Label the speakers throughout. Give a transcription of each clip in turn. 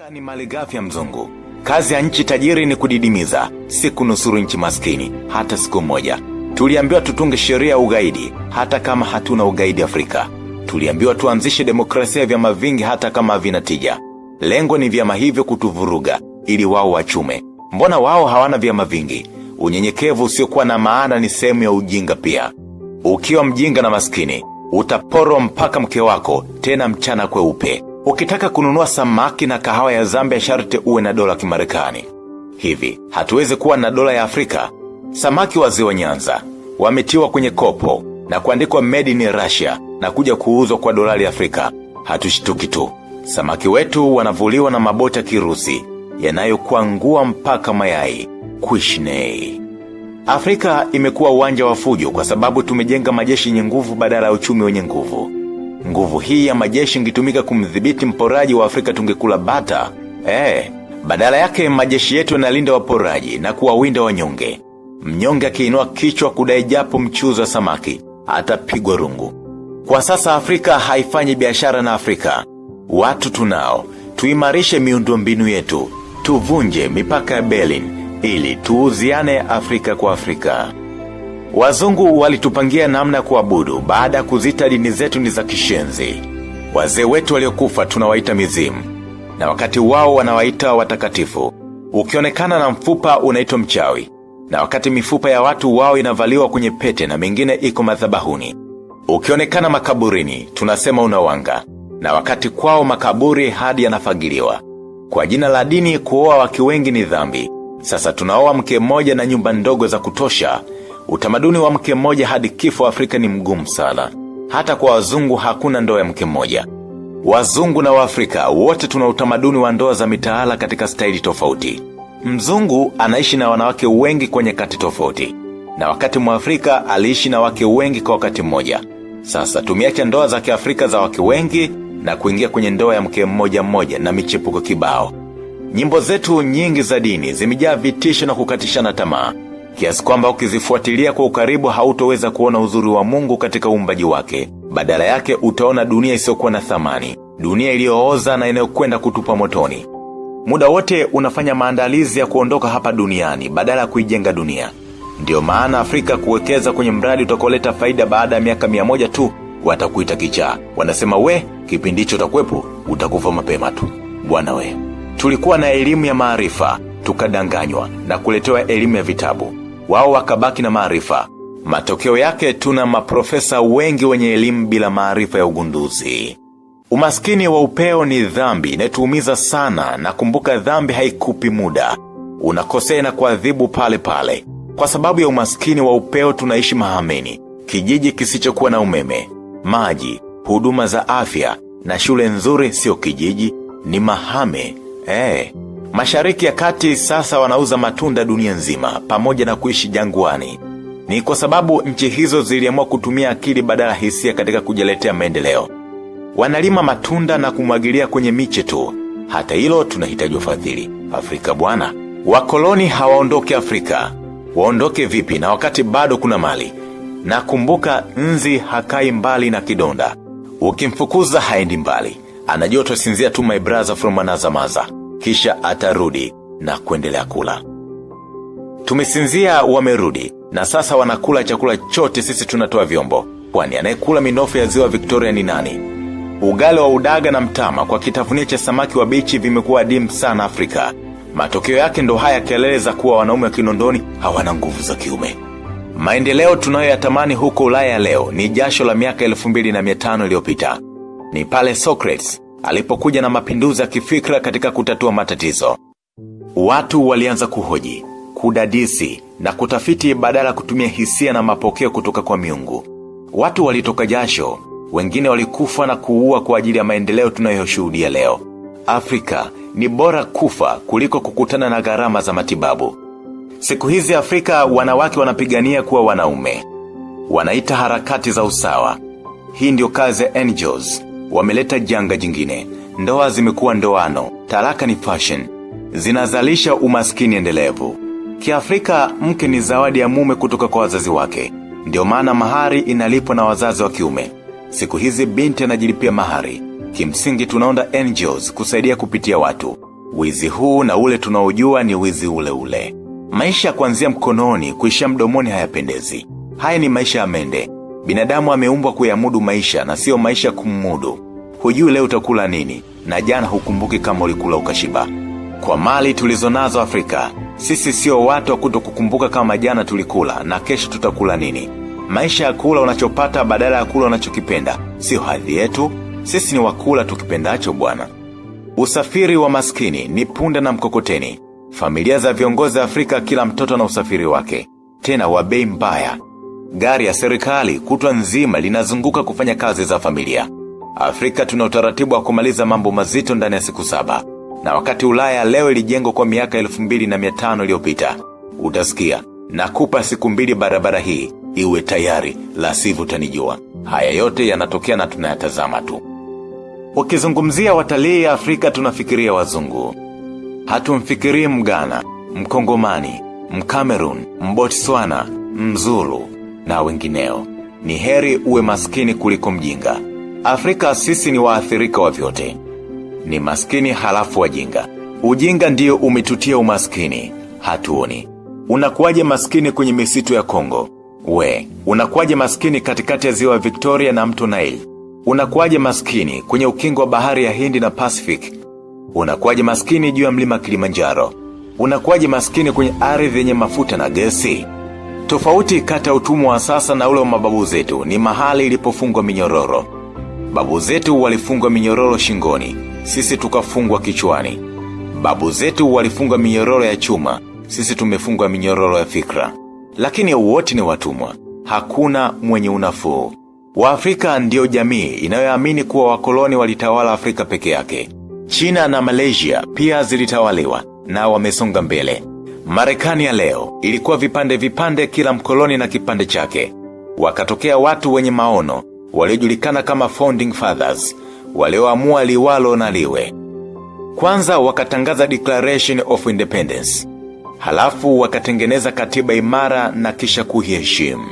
Speaker 1: Afrika ni maligafi ya mzungu. Kazi ya nchi tajiri ni kudidimiza, si kunusuru nchi maskini hata siku moja. Tuliambiwa tutunge sheria ya ugaidi hata kama hatuna ugaidi Afrika. Tuliambiwa tuanzishe demokrasia ya vyama vingi hata kama vinatija tija. Lengo ni vyama hivyo kutuvuruga ili wao wachume. Mbona wao hawana vyama vingi? Unyenyekevu usiokuwa na maana ni sehemu ya ujinga pia. Ukiwa mjinga na maskini, utaporwa mpaka mke wako, tena mchana kweupe. Ukitaka kununua samaki na kahawa ya Zambia sharti uwe na dola Kimarekani. Hivi hatuwezi kuwa na dola ya Afrika? Samaki wa ziwa Nyanza wametiwa kwenye kopo na kuandikwa made in Russia na kuja kuuzwa kwa dolari Afrika. hatushituki tu. Samaki wetu wanavuliwa na mabota ya Kirusi yanayokwangua mpaka mayai Kwishnei. Afrika imekuwa uwanja wa fujo kwa sababu tumejenga majeshi yenye nguvu badala ya uchumi wenye nguvu. Nguvu hii ya majeshi ingitumika kumdhibiti mporaji wa Afrika tungekula bata. Eh, badala yake majeshi yetu yanalinda waporaji na kuwawinda wanyonge. Mnyonge akiinua kichwa kudai japo mchuzi wa samaki atapigwa rungu. Kwa sasa Afrika haifanyi biashara na Afrika. Watu tunao, tuimarishe miundombinu yetu, tuvunje mipaka ya Berlin ili tuuziane Afrika kwa Afrika. Wazungu walitupangia namna ya kuabudu baada ya kuzita dini zetu ni za kishenzi. Wazee wetu waliokufa tunawaita mizimu, na wakati wao wanawaita watakatifu. Ukionekana na mfupa unaitwa mchawi, na wakati mifupa ya watu wao inavaliwa kwenye pete na mingine iko madhabahuni. Ukionekana makaburini tunasema unawanga, na wakati kwao makaburi hadi yanafagiliwa. Kwa jina la dini kuoa wake wengi ni dhambi. Sasa tunaoa mke mmoja na nyumba ndogo za kutosha Utamaduni wa mke mmoja hadi kifo Afrika ni mgumu sana. Hata kwa wazungu hakuna ndoa ya mke mmoja. Wazungu na Waafrika wote tuna utamaduni wa ndoa za mitaala katika staili tofauti. Mzungu anaishi na wanawake wengi kwenye kati tofauti, na wakati Mwafrika aliishi na wake wengi kwa wakati mmoja. Sasa tumeacha ndoa za Kiafrika za wake wengi na kuingia kwenye ndoa ya mke mmoja mmoja na michepuko kibao. Nyimbo zetu nyingi za dini zimejaa vitisho na kukatishana tamaa kiasi kwamba ukizifuatilia kwa ukaribu hautoweza kuona uzuri wa Mungu katika uumbaji wake. Badala yake utaona dunia isiyokuwa na thamani, dunia iliyooza na inayokwenda kutupa motoni. Muda wote unafanya maandalizi ya kuondoka hapa duniani badala ya kuijenga dunia. Ndiyo maana Afrika kuwekeza kwenye mradi utakuoleta faida baada ya miaka 1 tu watakuita kichaa. Wanasema we, kipindi hicho utakuwepo, utakufa mapema tu. Bwana we, tulikuwa na elimu ya maarifa tukadanganywa na kuletewa elimu ya vitabu wao wakabaki na maarifa. Matokeo yake tuna maprofesa wengi wenye elimu bila maarifa ya ugunduzi. Umaskini wa upeo ni dhambi inayotuumiza sana, na kumbuka, dhambi haikupi muda, unakosea na kuadhibu pale pale. Kwa sababu ya umaskini wa upeo tunaishi mahameni, kijiji kisichokuwa na umeme, maji, huduma za afya na shule nzuri. Sio kijiji, ni mahame eh. Mashariki ya Kati sasa wanauza matunda dunia nzima pamoja na kuishi jangwani. Ni kwa sababu nchi hizo ziliamua kutumia akili badala hisia katika kujaletea maendeleo. Wanalima matunda na kumwagilia kwenye miche tu. Hata hilo tunahitaji ufadhili. Afrika bwana, wakoloni hawaondoke Afrika. Waondoke vipi na wakati bado kuna mali? Na kumbuka, nzi hakai mbali na kidonda. Ukimfukuza haendi mbali, anajua twasinzia tu, my brother from another mother kisha atarudi na kuendelea kula. Tumesinzia, wamerudi na sasa wanakula chakula chote, sisi tunatoa vyombo, kwani anayekula minofu ya ziwa Victoria ni nani? Ugali wa udaga na mtama kwa kitafunio cha samaki wa bichi vimekuwa dimu sana Afrika. Matokeo yake ndo haya, kelele za kuwa wanaume wa Kinondoni hawana nguvu za kiume. Maendeleo tunayoyatamani huko Ulaya leo ni jasho la miaka elfu mbili na mia tano iliyopita. Ni pale Socrates alipokuja na mapinduzi ya kifikra katika kutatua matatizo. Watu walianza kuhoji, kudadisi na kutafiti badala ya kutumia hisia na mapokeo kutoka kwa miungu. Watu walitoka jasho, wengine walikufa na kuua kwa ajili ya maendeleo tunayoshuhudia leo. Afrika ni bora kufa kuliko kukutana na gharama za matibabu. Siku hizi Afrika wanawake wanapigania kuwa wanaume, wanaita harakati za usawa. Hii ndiyo kazi ya angels wameleta janga jingine. Ndoa zimekuwa ndoano, talaka ni fashion, zinazalisha umaskini endelevu. Kiafrika, mke ni zawadi ya mume kutoka kwa wazazi wake, ndiyo maana mahari inalipwa na wazazi wa kiume. Siku hizi binti anajilipia mahari. Kimsingi, tunaunda NGOs kusaidia kupitia watu. Wizi huu na ule tunaojua ni wizi ule ule. Maisha ya kuanzia mkononi kuishia mdomoni hayapendezi. Haya ni maisha ya mende. Binadamu ameumbwa kuyamudu maisha na siyo maisha kummudu. Hujui leo utakula nini na jana hukumbuki kama ulikula ukashiba. Kwa mali tulizonazo Afrika, sisi sio watu wa kuto kukumbuka kama jana tulikula na kesho tutakula nini. Maisha ya kula unachopata badala ya kula unachokipenda siyo hadhi yetu. Sisi ni wakula tukipendacho, Bwana. Usafiri wa maskini ni punda na mkokoteni. Familia za viongozi Afrika, kila mtoto na usafiri wake, tena wa bei mbaya. Gari ya serikali kutwa nzima linazunguka kufanya kazi za familia. Afrika tuna utaratibu wa kumaliza mambo mazito ndani ya siku saba, na wakati Ulaya leo ilijengwa kwa miaka elfu mbili na iliyopita. Utasikia nakupa siku mbili, barabara hii iwe tayari, la sivyo Haya yote yanatokea na tunayatazama tu. Ukizungumzia watalii Afrika tunafikiria wazungu, hatumfikirii Mgana, Mkongomani, Mkamerun, Mbotswana, Mzulu na wengineo. Ni heri uwe maskini kuliko mjinga. Afrika sisi ni waathirika wa vyote, ni maskini halafu wajinga. Ujinga ndiyo umetutia umaskini, hatuoni. Unakuwaje maskini kwenye misitu ya Kongo? We, unakuwaje maskini katikati ya ziwa Victoria na mtu Nile? Unakuwaje maskini kwenye ukingo wa bahari ya Hindi na Pacific? Unakuwaje maskini juu ya mlima Kilimanjaro? Unakuwaje maskini kwenye ardhi yenye mafuta na gesi? Tofauti kati ya utumwa wa sasa na ule wa mababu zetu ni mahali ilipofungwa minyororo. Babu zetu walifungwa minyororo shingoni, sisi tukafungwa kichwani. Babu zetu walifungwa minyororo ya chuma, sisi tumefungwa minyororo ya fikra. Lakini wote ni watumwa, hakuna mwenye unafuu. Waafrika ndiyo jamii inayoamini kuwa wakoloni walitawala Afrika peke yake. China na Malaysia pia zilitawaliwa na wamesonga mbele. Marekani ya leo ilikuwa vipande vipande, kila mkoloni na kipande chake. Wakatokea watu wenye maono waliojulikana kama founding fathers walioamua liwalo na liwe. Kwanza wakatangaza Declaration of Independence, halafu wakatengeneza katiba imara na kisha kuiheshimu.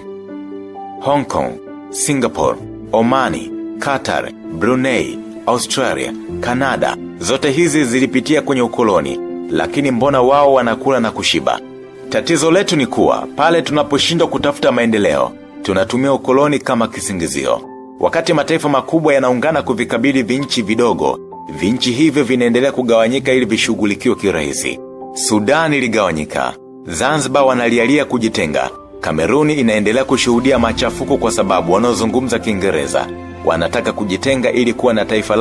Speaker 1: Hong Kong, Singapore, Omani, Qatar, Brunei, Australia, Kanada, zote hizi zilipitia kwenye ukoloni lakini mbona wao wanakula na kushiba? Tatizo letu ni kuwa pale tunaposhindwa kutafuta maendeleo, tunatumia ukoloni kama kisingizio. Wakati mataifa makubwa yanaungana kuvikabili vinchi vidogo, vinchi hivyo vinaendelea kugawanyika ili vishughulikiwe kirahisi. Sudani iligawanyika, Zanzibar wanalialia kujitenga, Kameruni inaendelea kushuhudia machafuko kwa sababu wanaozungumza Kiingereza wanataka kujitenga ili kuwa na taifa